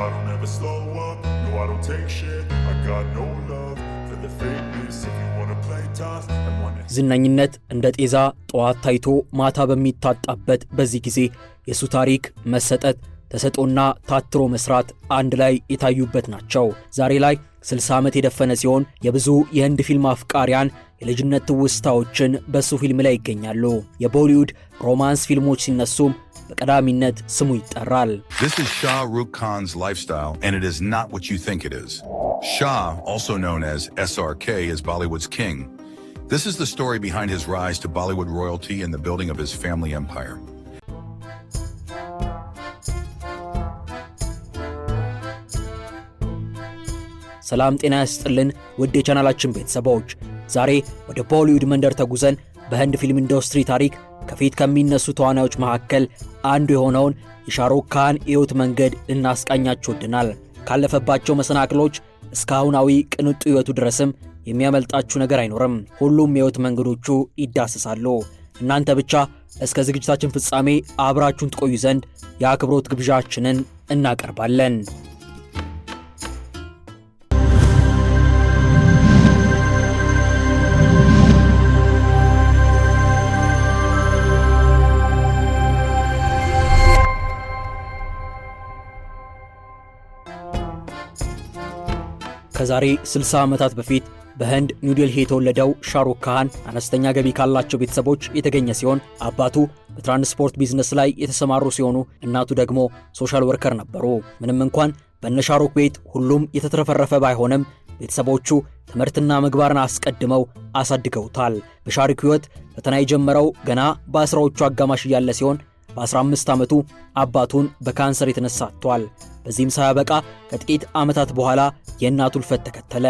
I don't ever slow up, no I don't take shit I got no love for the fakeness If you wanna play tough and wanna ዝነኝነት እንደ ጤዛ ጠዋት ታይቶ ማታ በሚታጣበት በዚህ ጊዜ የእሱ ታሪክ መሰጠት ተሰጦና ታትሮ መስራት አንድ ላይ የታዩበት ናቸው። ዛሬ ላይ 60 ዓመት የደፈነ ሲሆን የብዙ የህንድ ፊልም አፍቃሪያን የልጅነት ትውስታዎችን በእሱ ፊልም ላይ ይገኛሉ። የቦሊውድ ሮማንስ ፊልሞች ሲነሱም በቀዳሚነት ስሙ ይጠራል። This is Shah Rukh Khan's lifestyle and it is not what you think it is. Shah, also known as SRK, is Bollywood's king. This is the story behind his rise to Bollywood royalty and the building of his family empire. ሰላም ጤና ያስጥልን ውድ የቻናላችን ቤተሰቦች፣ ዛሬ ወደ ቦሊውድ መንደር ተጉዘን በህንድ ፊልም ኢንዱስትሪ ታሪክ ከፊት ከሚነሱ ተዋናዮች መካከል አንዱ የሆነውን የሻሩካን ካን መንገድ ልናስቃኛችሁ ወድናል። ካለፈባቸው መሰናክሎች እስካሁናዊ ቅንጡ ህይወቱ ድረስም የሚያመልጣችሁ ነገር አይኖርም። ሁሉም የህይወት መንገዶቹ ይዳሰሳሉ። እናንተ ብቻ እስከ ዝግጅታችን ፍጻሜ አብራችሁን ትቆዩ ዘንድ የአክብሮት ግብዣችንን እናቀርባለን። ከዛሬ 60 ዓመታት በፊት በህንድ ኒውዴልሂ የተወለደው ሻሩክ ካህን አነስተኛ ገቢ ካላቸው ቤተሰቦች የተገኘ ሲሆን አባቱ በትራንስፖርት ቢዝነስ ላይ የተሰማሩ ሲሆኑ እናቱ ደግሞ ሶሻል ወርከር ነበሩ። ምንም እንኳን በእነ ሻሩክ ቤት ሁሉም የተትረፈረፈ ባይሆንም ቤተሰቦቹ ትምህርትና ምግባርን አስቀድመው አሳድገውታል። በሻሩክ ህይወት ፈተና የጀመረው ገና በአስራዎቹ አጋማሽ እያለ ሲሆን በ15 ዓመቱ አባቱን በካንሰር የተነሳ አጥቷል። በዚህም ሳያበቃ ከጥቂት ዓመታት በኋላ የእናቱ ልፈት ተከተለ።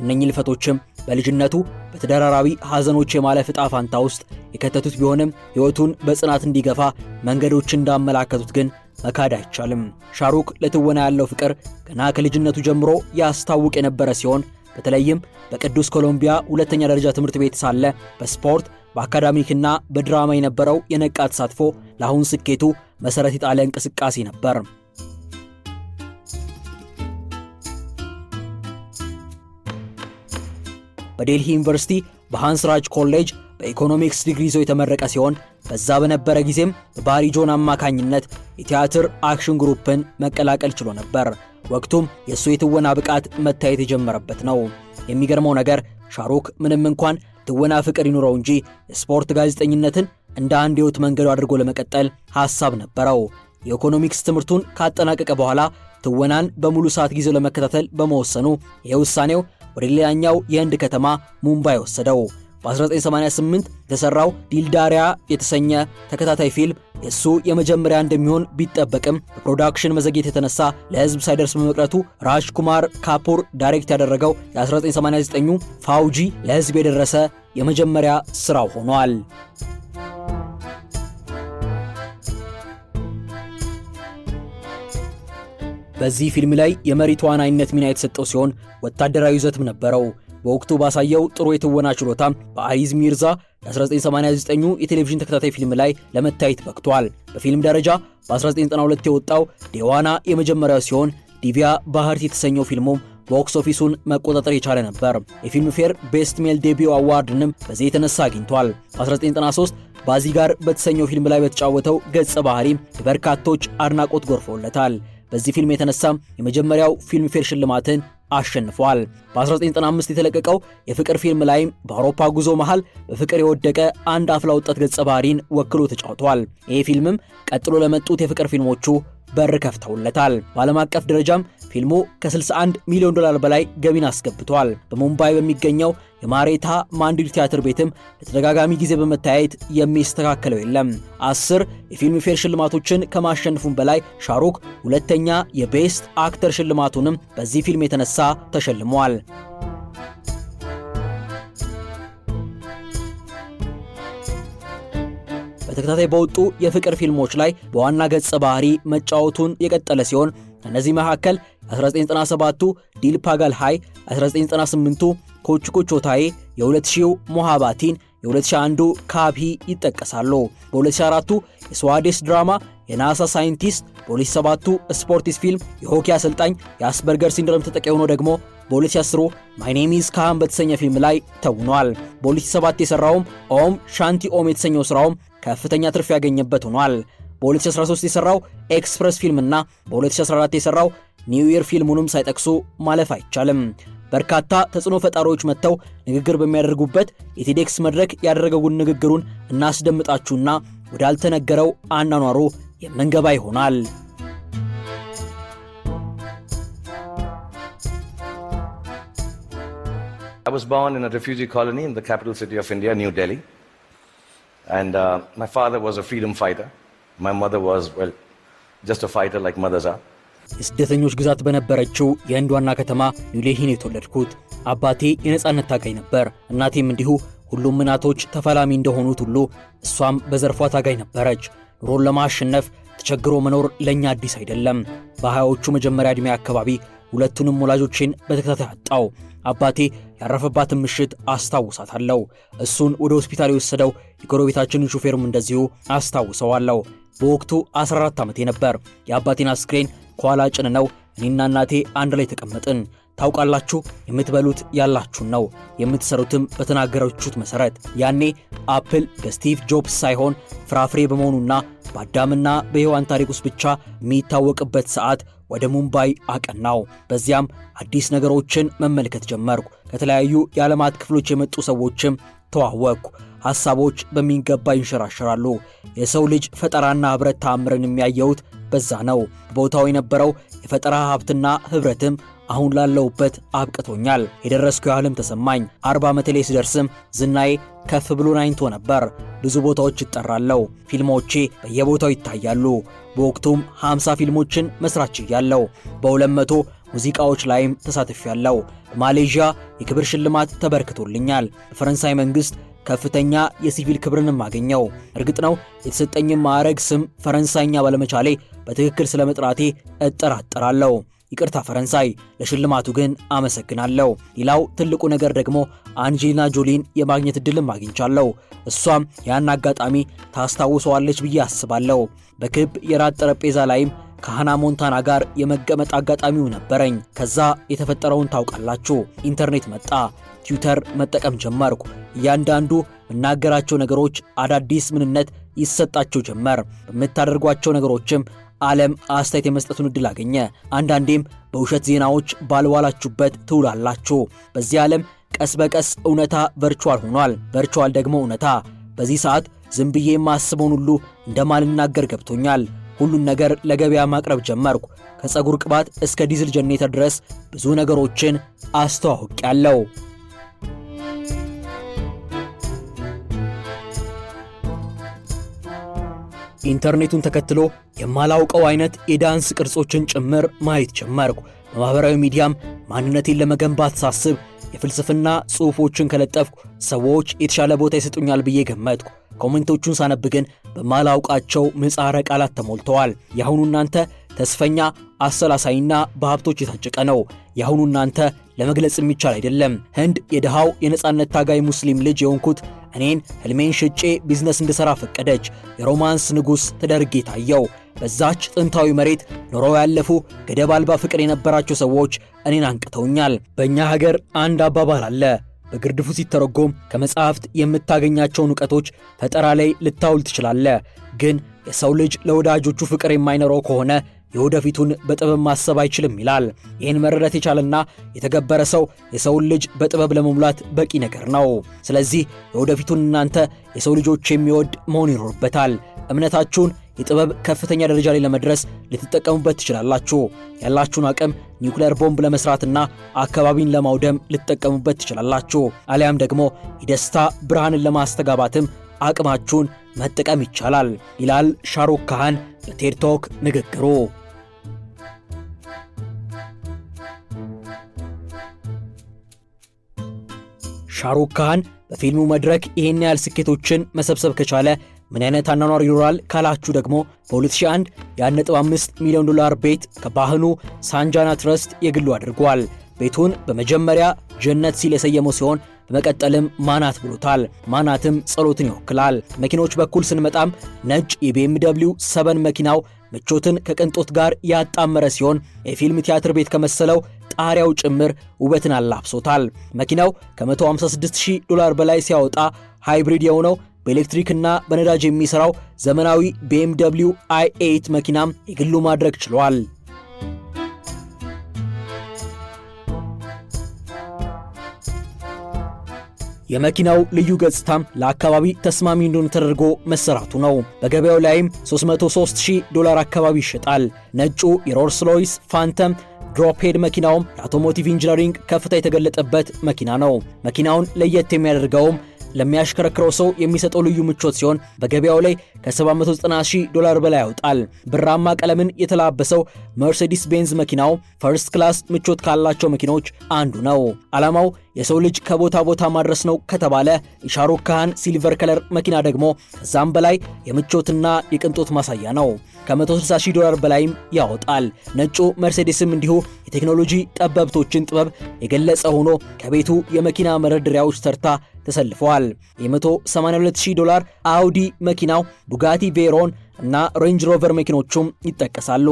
እነኚህ ልፈቶችም በልጅነቱ በተደራራቢ ሐዘኖች የማለፍ ዕጣ ፋንታ ውስጥ የከተቱት ቢሆንም ሕይወቱን በጽናት እንዲገፋ መንገዶች እንዳመላከቱት ግን መካድ አይቻልም። ሻሩክ ለትወና ያለው ፍቅር ገና ከልጅነቱ ጀምሮ ያስታውቅ የነበረ ሲሆን በተለይም በቅዱስ ኮሎምቢያ ሁለተኛ ደረጃ ትምህርት ቤት ሳለ በስፖርት በአካዳሚክና በድራማ የነበረው የነቃ ተሳትፎ ለአሁን ስኬቱ መሠረት የጣለ እንቅስቃሴ ነበር። በዴልሂ ዩኒቨርሲቲ በሃንስ ራጅ ኮሌጅ በኢኮኖሚክስ ዲግሪ ይዞ የተመረቀ ሲሆን በዛ በነበረ ጊዜም በባሪ ጆን አማካኝነት የቲያትር አክሽን ግሩፕን መቀላቀል ችሎ ነበር። ወቅቱም የእሱ የትወና ብቃት መታየት የጀመረበት ነው። የሚገርመው ነገር ሻሩክ ምንም እንኳን ትወና ፍቅር ይኑረው እንጂ ስፖርት ጋዜጠኝነትን እንደ አንድ የሕይወት መንገዱ አድርጎ ለመቀጠል ሐሳብ ነበረው። የኢኮኖሚክስ ትምህርቱን ካጠናቀቀ በኋላ ትወናን በሙሉ ሰዓት ጊዜው ለመከታተል በመወሰኑ ይህ ውሳኔው ወደ ሌላኛው የህንድ ከተማ ሙምባይ ወሰደው። በ1988 የተሰራው ዲልዳሪያ የተሰኘ ተከታታይ ፊልም የእሱ የመጀመሪያ እንደሚሆን ቢጠበቅም በፕሮዳክሽን መዘግየት የተነሳ ለህዝብ ሳይደርስ በመቅረቱ ራጅ ኩማር ካፑር ዳይሬክት ያደረገው የ1989 ፋውጂ ለህዝብ የደረሰ የመጀመሪያ ስራው ሆኗል። በዚህ ፊልም ላይ የመሪ ተዋናይነት ሚና የተሰጠው ሲሆን ወታደራዊ ይዘትም ነበረው። በወቅቱ ባሳየው ጥሩ የትወና ችሎታ በአይዝ ሚርዛ የ1989 የቴሌቪዥን ተከታታይ ፊልም ላይ ለመታየት በቅቷል። በፊልም ደረጃ በ1992 የወጣው ዴዋና የመጀመሪያው ሲሆን ዲቪያ ባህርት የተሰኘው ፊልሙም ቦክስ ኦፊሱን መቆጣጠር የቻለ ነበር። የፊልም ፌር ቤስት ሜል ዴቢው አዋርድንም በዚህ የተነሳ አግኝቷል። በ1993 ባዚ ጋር በተሰኘው ፊልም ላይ በተጫወተው ገጸ ባህሪ የበርካቶች አድናቆት ጎርፎለታል። በዚህ ፊልም የተነሳም የመጀመሪያው ፊልም ፌር ሽልማትን አሸንፏል። በ1995 የተለቀቀው የፍቅር ፊልም ላይም በአውሮፓ ጉዞ መሃል በፍቅር የወደቀ አንድ አፍላ ወጣት ገጸ ባህሪን ወክሎ ተጫውቷል። ይህ ፊልምም ቀጥሎ ለመጡት የፍቅር ፊልሞቹ በር ከፍተውለታል። በዓለም አቀፍ ደረጃም ፊልሙ ከ61 ሚሊዮን ዶላር በላይ ገቢን አስገብቷል። በሙምባይ በሚገኘው የማሬታ ማንዲር ቲያትር ቤትም ለተደጋጋሚ ጊዜ በመታየት የሚስተካከለው የለም። አስር የፊልም ፌር ሽልማቶችን ከማሸነፉም በላይ ሻሩክ ሁለተኛ የቤስት አክተር ሽልማቱንም በዚህ ፊልም የተነሳ ተሸልሟል። በተከታታይ በወጡ የፍቅር ፊልሞች ላይ በዋና ገጸ ባህሪ መጫወቱን የቀጠለ ሲሆን ከእነዚህ መካከል 1997ቱ ዲል ፓጋል ሃይ፣ 1998ቱ ኮችኮቾታዬ፣ የ2000ው ሞሃባቲን፣ የ2001ዱ ካብሂ ይጠቀሳሉ። በ2004ቱ የስዋዴስ ድራማ የናሳ ሳይንቲስት፣ በ2007ቱ ስፖርቲስ ፊልም የሆኪ አሰልጣኝ የአስበርገር ሲንድሮም ተጠቂ ሆኖ ደግሞ በ2010 ማይ ኔም ኢዝ ካህን በተሰኘ ፊልም ላይ ተውኗል። በ2007 የሠራውም ኦም ሻንቲ ኦም የተሰኘው ሥራውም ከፍተኛ ትርፍ ያገኘበት ሆኗል። በ2013 የሰራው ኤክስፕረስ ፊልምና በ2014 የሰራው ኒው ኢየር ፊልሙንም ሳይጠቅሱ ማለፍ አይቻልም። በርካታ ተጽዕኖ ፈጣሪዎች መጥተው ንግግር በሚያደርጉበት የቴዴክስ መድረክ ያደረገውን ንግግሩን እናስደምጣችሁና ወዳልተነገረው አናኗሩ የምንገባ ይሆናል። I was born in a refugee colony in the capital city of India, New Delhi. And uh, my father was a freedom fighter. ስደተኞች ግዛት በነበረችው የህንድ ዋና ከተማ ኒውዴልሂን የተወለድኩት። አባቴ የነፃነት ታጋይ ነበር። እናቴም እንዲሁ። ሁሉም እናቶች ተፋላሚ እንደሆኑት ሁሉ እሷም በዘርፏ ታጋይ ነበረች። ኑሮን ለማሸነፍ ተቸግሮ መኖር ለእኛ አዲስ አይደለም። በሀያዎቹ መጀመሪያ ዕድሜ አካባቢ ሁለቱንም ወላጆችን በተከታታይ አጣው። አባቴ ያረፈባትን ምሽት አስታውሳታለሁ። እሱን ወደ ሆስፒታል የወሰደው የጎረቤታችንን ሹፌሩም እንደዚሁ አስታውሰዋለሁ። በወቅቱ 14 ዓመቴ ነበር። የአባቴን አስክሬን ከኋላ ጭን ነው እኔና እናቴ አንድ ላይ ተቀመጥን። ታውቃላችሁ የምትበሉት ያላችሁን ነው፣ የምትሰሩትም በተናገራችሁት መሰረት። ያኔ አፕል በስቲቭ ጆብስ ሳይሆን ፍራፍሬ በመሆኑና በአዳምና በሔዋን ታሪክ ውስጥ ብቻ የሚታወቅበት ሰዓት ወደ ሙምባይ አቀናው። በዚያም አዲስ ነገሮችን መመልከት ጀመርኩ። ከተለያዩ የዓለማት ክፍሎች የመጡ ሰዎችም ተዋወቅኩ። ሐሳቦች በሚገባ ይንሸራሸራሉ። የሰው ልጅ ፈጠራና ኅብረት ተአምርን የሚያየሁት በዛ ነው። ቦታው የነበረው የፈጠራ ሀብትና ኅብረትም አሁን ላለውበት አብቅቶኛል። የደረስኩ ያህልም ተሰማኝ። አርባ ዓመቴ ላይ ስደርስም ዝናዬ ከፍ ብሎ ናኝቶ ነበር። ብዙ ቦታዎች ይጠራለሁ። ፊልሞቼ በየቦታው ይታያሉ። በወቅቱም 50 ፊልሞችን መስራት ችያለሁ። በ በ200 ሙዚቃዎች ላይም ተሳትፌያለሁ። በማሌዥያ የክብር ሽልማት ተበርክቶልኛል። በፈረንሳይ መንግሥት ከፍተኛ የሲቪል ክብርንም አገኘው። እርግጥ ነው የተሰጠኝም ማዕረግ ስም ፈረንሳይኛ ባለመቻሌ በትክክል ስለመጥራቴ እጠራጠራለሁ። ይቅርታ ፈረንሳይ። ለሽልማቱ ግን አመሰግናለሁ። ሌላው ትልቁ ነገር ደግሞ አንጀሊና ጆሊን የማግኘት እድልም አግኝቻለሁ። እሷም ያን አጋጣሚ ታስታውሰዋለች ብዬ አስባለሁ። በክብ የራት ጠረጴዛ ላይም ከሃና ሞንታና ጋር የመቀመጥ አጋጣሚው ነበረኝ። ከዛ የተፈጠረውን ታውቃላችሁ። ኢንተርኔት መጣ፣ ትዊተር መጠቀም ጀመርኩ። እያንዳንዱ የምናገራቸው ነገሮች አዳዲስ ምንነት ይሰጣቸው ጀመር። በምታደርጓቸው ነገሮችም ዓለም አስተያየት የመስጠቱን እድል አገኘ። አንዳንዴም በውሸት ዜናዎች ባልዋላችሁበት ትውላላችሁ። በዚህ ዓለም ቀስ በቀስ እውነታ ቨርቹዋል ሆኗል፣ ቨርቹዋል ደግሞ እውነታ። በዚህ ሰዓት ዝም ብዬ የማስበውን ሁሉ እንደማልናገር ገብቶኛል። ሁሉን ነገር ለገበያ ማቅረብ ጀመርኩ። ከፀጉር ቅባት እስከ ዲዝል ጀኔተር ድረስ ብዙ ነገሮችን አስተዋውቅ ያለው ኢንተርኔቱን ተከትሎ የማላውቀው አይነት የዳንስ ቅርጾችን ጭምር ማየት ጀመርኩ። በማኅበራዊ ሚዲያም ማንነቴን ለመገንባት ሳስብ የፍልስፍና ጽሑፎችን ከለጠፍኩ ሰዎች የተሻለ ቦታ ይሰጡኛል ብዬ ገመትኩ። ኮሜንቶቹን ሳነብ ግን በማላውቃቸው ምጻረ ቃላት ተሞልተዋል። የአሁኑ እናንተ ተስፈኛ አሰላሳይና በሀብቶች የታጨቀ ነው። የአሁኑ እናንተ ለመግለጽ የሚቻል አይደለም። ህንድ የድሃው የነፃነት ታጋይ ሙስሊም ልጅ የሆንኩት እኔን ህልሜን ሽጬ ቢዝነስ እንድሠራ ፈቀደች። የሮማንስ ንጉሥ ተደርጌ ታየው። በዛች ጥንታዊ መሬት ኖረው ያለፉ ገደብ አልባ ፍቅር የነበራቸው ሰዎች እኔን አንቅተውኛል። በእኛ ሀገር አንድ አባባል አለ። በግርድፉ ሲተረጎም ከመጽሐፍት የምታገኛቸውን እውቀቶች ፈጠራ ላይ ልታውል ትችላለህ። ግን የሰው ልጅ ለወዳጆቹ ፍቅር የማይኖረው ከሆነ የወደፊቱን በጥበብ ማሰብ አይችልም ይላል። ይህን መረዳት የቻለና የተገበረ ሰው የሰውን ልጅ በጥበብ ለመሙላት በቂ ነገር ነው። ስለዚህ የወደፊቱን እናንተ የሰው ልጆች የሚወድ መሆን ይኖርበታል። እምነታችሁን የጥበብ ከፍተኛ ደረጃ ላይ ለመድረስ ልትጠቀሙበት ትችላላችሁ። ያላችሁን አቅም ኒውክሌር ቦምብ ለመስራትና አካባቢን ለማውደም ልትጠቀሙበት ትችላላችሁ። አሊያም ደግሞ የደስታ ብርሃንን ለማስተጋባትም አቅማችሁን መጠቀም ይቻላል ይላል ሻሩክ ካህን በቴድቶክ ንግግሩ። ሻሩክ ካህን በፊልሙ መድረክ ይህን ያህል ስኬቶችን መሰብሰብ ከቻለ ምን አይነት አኗኗር ይኖራል ካላችሁ ደግሞ በ2001 የ1.5 ሚሊዮን ዶላር ቤት ከባህኑ ሳንጃና ትረስት የግሉ አድርጓል። ቤቱን በመጀመሪያ ጀነት ሲል የሰየመው ሲሆን በመቀጠልም ማናት ብሎታል። ማናትም ጸሎትን ይወክላል። መኪኖች በኩል ስንመጣም ነጭ የቢኤምደብሊው ሰበን መኪናው ምቾትን ከቅንጦት ጋር ያጣመረ ሲሆን የፊልም ቲያትር ቤት ከመሰለው ጣሪያው ጭምር ውበትን አላብሶታል። መኪናው ከ 156000 ዶላር በላይ ሲያወጣ ሃይብሪድ የሆነው በኤሌክትሪክና በነዳጅ የሚሰራው ዘመናዊ BMW i8 መኪናም የግሉ ማድረግ ችሏል። የመኪናው ልዩ ገጽታም ለአካባቢ ተስማሚ እንደሆነ ተደርጎ መሰራቱ ነው። በገበያው ላይም 303000 ዶላር አካባቢ ይሸጣል። ነጩ የሮልስ ሮይስ ፋንተም ድሮፕሄድ መኪናውም ለአውቶሞቲቭ ኢንጂነሪንግ ከፍታ የተገለጠበት መኪና ነው። መኪናውን ለየት የሚያደርገውም ለሚያሽከረክረው ሰው የሚሰጠው ልዩ ምቾት ሲሆን በገበያው ላይ ከ790 ዶላር በላይ ያወጣል። ብራማ ቀለምን የተላበሰው መርሴዲስ ቤንዝ መኪናው ፈርስት ክላስ ምቾት ካላቸው መኪኖች አንዱ ነው። ዓላማው የሰው ልጅ ከቦታ ቦታ ማድረስ ነው ከተባለ የሻሩክ ካህን ሲልቨር ከለር መኪና ደግሞ ከዛም በላይ የምቾትና የቅንጦት ማሳያ ነው። ከ160 ሺህ ዶላር በላይም ያወጣል። ነጩ መርሴዴስም እንዲሁ የቴክኖሎጂ ጠበብቶችን ጥበብ የገለጸ ሆኖ ከቤቱ የመኪና መደርደሪያዎች ተርታ ተሰልፈዋል። የ182000 ዶላር አውዲ መኪናው፣ ቡጋቲ ቬሮን እና ሬንጅ ሮቨር መኪኖቹም ይጠቀሳሉ።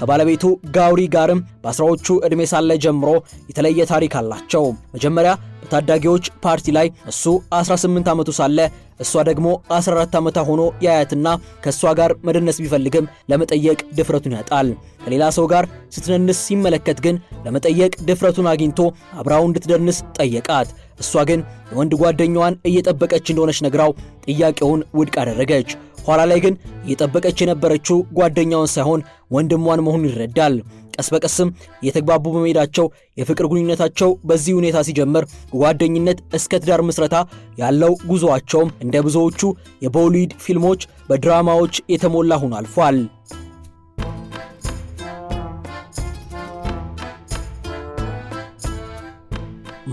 ከባለቤቱ ጋውሪ ጋርም በአስራዎቹ ዕድሜ ሳለ ጀምሮ የተለየ ታሪክ አላቸው። መጀመሪያ በታዳጊዎች ፓርቲ ላይ እሱ 18 ዓመቱ ሳለ እሷ ደግሞ 14 ዓመቷ ሆኖ ያያትና ከእሷ ጋር መደነስ ቢፈልግም ለመጠየቅ ድፍረቱን ያጣል። ከሌላ ሰው ጋር ስትደንስ ሲመለከት ግን ለመጠየቅ ድፍረቱን አግኝቶ አብራው እንድትደንስ ጠየቃት። እሷ ግን የወንድ ጓደኛዋን እየጠበቀች እንደሆነች ነግራው ጥያቄውን ውድቅ አደረገች። ኋላ ላይ ግን እየጠበቀች የነበረችው ጓደኛውን ሳይሆን ወንድሟን መሆኑን ይረዳል። ቀስ በቀስም የተግባቡ በመሄዳቸው የፍቅር ግንኙነታቸው በዚህ ሁኔታ ሲጀምር ጓደኝነት እስከ ትዳር ምስረታ ያለው ጉዞአቸውም እንደ ብዙዎቹ የቦሊውድ ፊልሞች በድራማዎች የተሞላ ሆኖ አልፏል።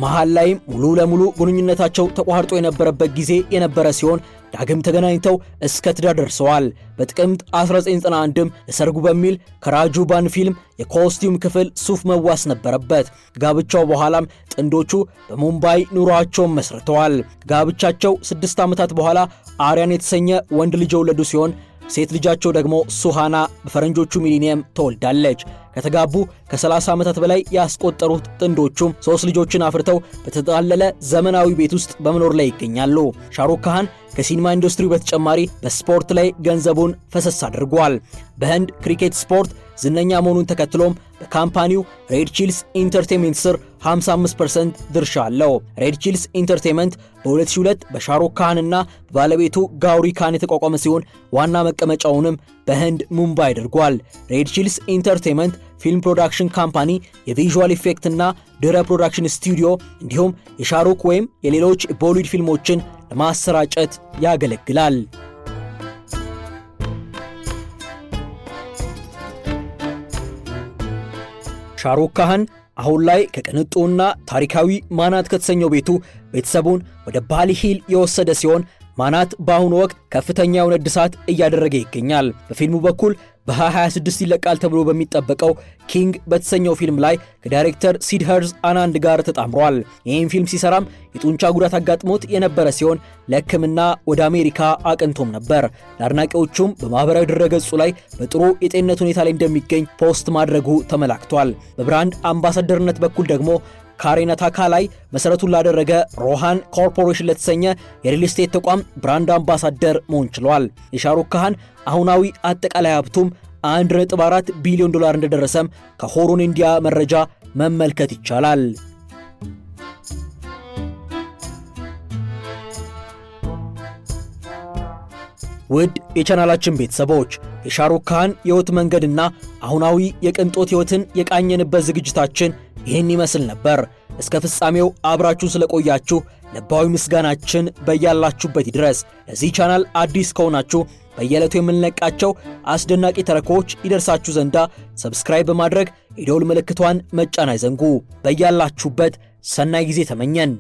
መሃል ላይም ሙሉ ለሙሉ ግንኙነታቸው ተቋርጦ የነበረበት ጊዜ የነበረ ሲሆን ዳግም ተገናኝተው እስከ ትዳር ደርሰዋል። በጥቅምት 1991ም ለሰርጉ በሚል ከራጁ ባን ፊልም የኮስቲዩም ክፍል ሱፍ መዋስ ነበረበት። ጋብቻው በኋላም ጥንዶቹ በሙምባይ ኑሯቸውን መስርተዋል። ጋብቻቸው ስድስት ዓመታት በኋላ አርያን የተሰኘ ወንድ ልጅ የወለዱ ሲሆን ሴት ልጃቸው ደግሞ ሱሃና በፈረንጆቹ ሚሊኒየም ተወልዳለች። ከተጋቡ ከ30 ዓመታት በላይ ያስቆጠሩት ጥንዶቹም ሶስት ልጆችን አፍርተው በተጠቃለለ ዘመናዊ ቤት ውስጥ በመኖር ላይ ይገኛሉ። ሻሩክ ካህን ከሲኒማ ኢንዱስትሪ በተጨማሪ በስፖርት ላይ ገንዘቡን ፈሰስ አድርጓል። በህንድ ክሪኬት ስፖርት ዝነኛ መሆኑን ተከትሎም በካምፓኒው ሬድ ቺልስ ኢንተርቴንመንት ስር 55% ድርሻ አለው። ሬድ ቺልስ ኢንተርቴንመንት በ2002 በሻሩክ ካህንና ባለቤቱ ጋውሪ ካህን የተቋቋመ ሲሆን ዋና መቀመጫውንም በህንድ ሙምባይ አድርጓል። ሬድ ቺልስ ኢንተርቴንመንት ፊልም ፕሮዳክሽን ካምፓኒ፣ የቪዥዋል ኢፌክት እና ድረ ፕሮዳክሽን ስቱዲዮ እንዲሁም የሻሩክ ወይም የሌሎች ቦሊውድ ፊልሞችን ለማሰራጨት ያገለግላል። ሻሩክ ካህን አሁን ላይ ከቅንጡና ታሪካዊ ማናት ከተሰኘው ቤቱ ቤተሰቡን ወደ ባሊ ሂል የወሰደ ሲሆን ማናት በአሁኑ ወቅት ከፍተኛ የሆነ እድሳት እያደረገ ይገኛል። በፊልሙ በኩል በ2026 ይለቃል ተብሎ በሚጠበቀው ኪንግ በተሰኘው ፊልም ላይ ከዳይሬክተር ሲድኸርዝ አናንድ ጋር ተጣምሯል። ይህም ፊልም ሲሰራም የጡንቻ ጉዳት አጋጥሞት የነበረ ሲሆን ለሕክምና ወደ አሜሪካ አቅንቶም ነበር። ለአድናቂዎቹም በማኅበራዊ ድረገጹ ላይ በጥሩ የጤንነት ሁኔታ ላይ እንደሚገኝ ፖስት ማድረጉ ተመላክቷል። በብራንድ አምባሳደርነት በኩል ደግሞ አካ ላይ መሰረቱን ላደረገ ሮሃን ኮርፖሬሽን ለተሰኘ የሪል ስቴት ተቋም ብራንድ አምባሳደር መሆን ችሏል። የሻሩክ ካህን አሁናዊ አጠቃላይ ሀብቱም 1.4 ቢሊዮን ዶላር እንደደረሰም ከሆሮን ኢንዲያ መረጃ መመልከት ይቻላል። ውድ የቻናላችን ቤተሰቦች የሻሩክ ካህን የወት መንገድና አሁናዊ የቅንጦት ሕይወትን የቃኘንበት ዝግጅታችን ይህን ይመስል ነበር። እስከ ፍጻሜው አብራችሁ ስለቆያችሁ ልባዊ ምስጋናችን በያላችሁበት ይድረስ። ለዚህ ቻናል አዲስ ከሆናችሁ በየዕለቱ የምንለቃቸው አስደናቂ ተረኮዎች ይደርሳችሁ ዘንዳ ሰብስክራይብ በማድረግ የደውል ምልክቷን መጫን አይዘንጉ። በያላችሁበት ሰናይ ጊዜ ተመኘን።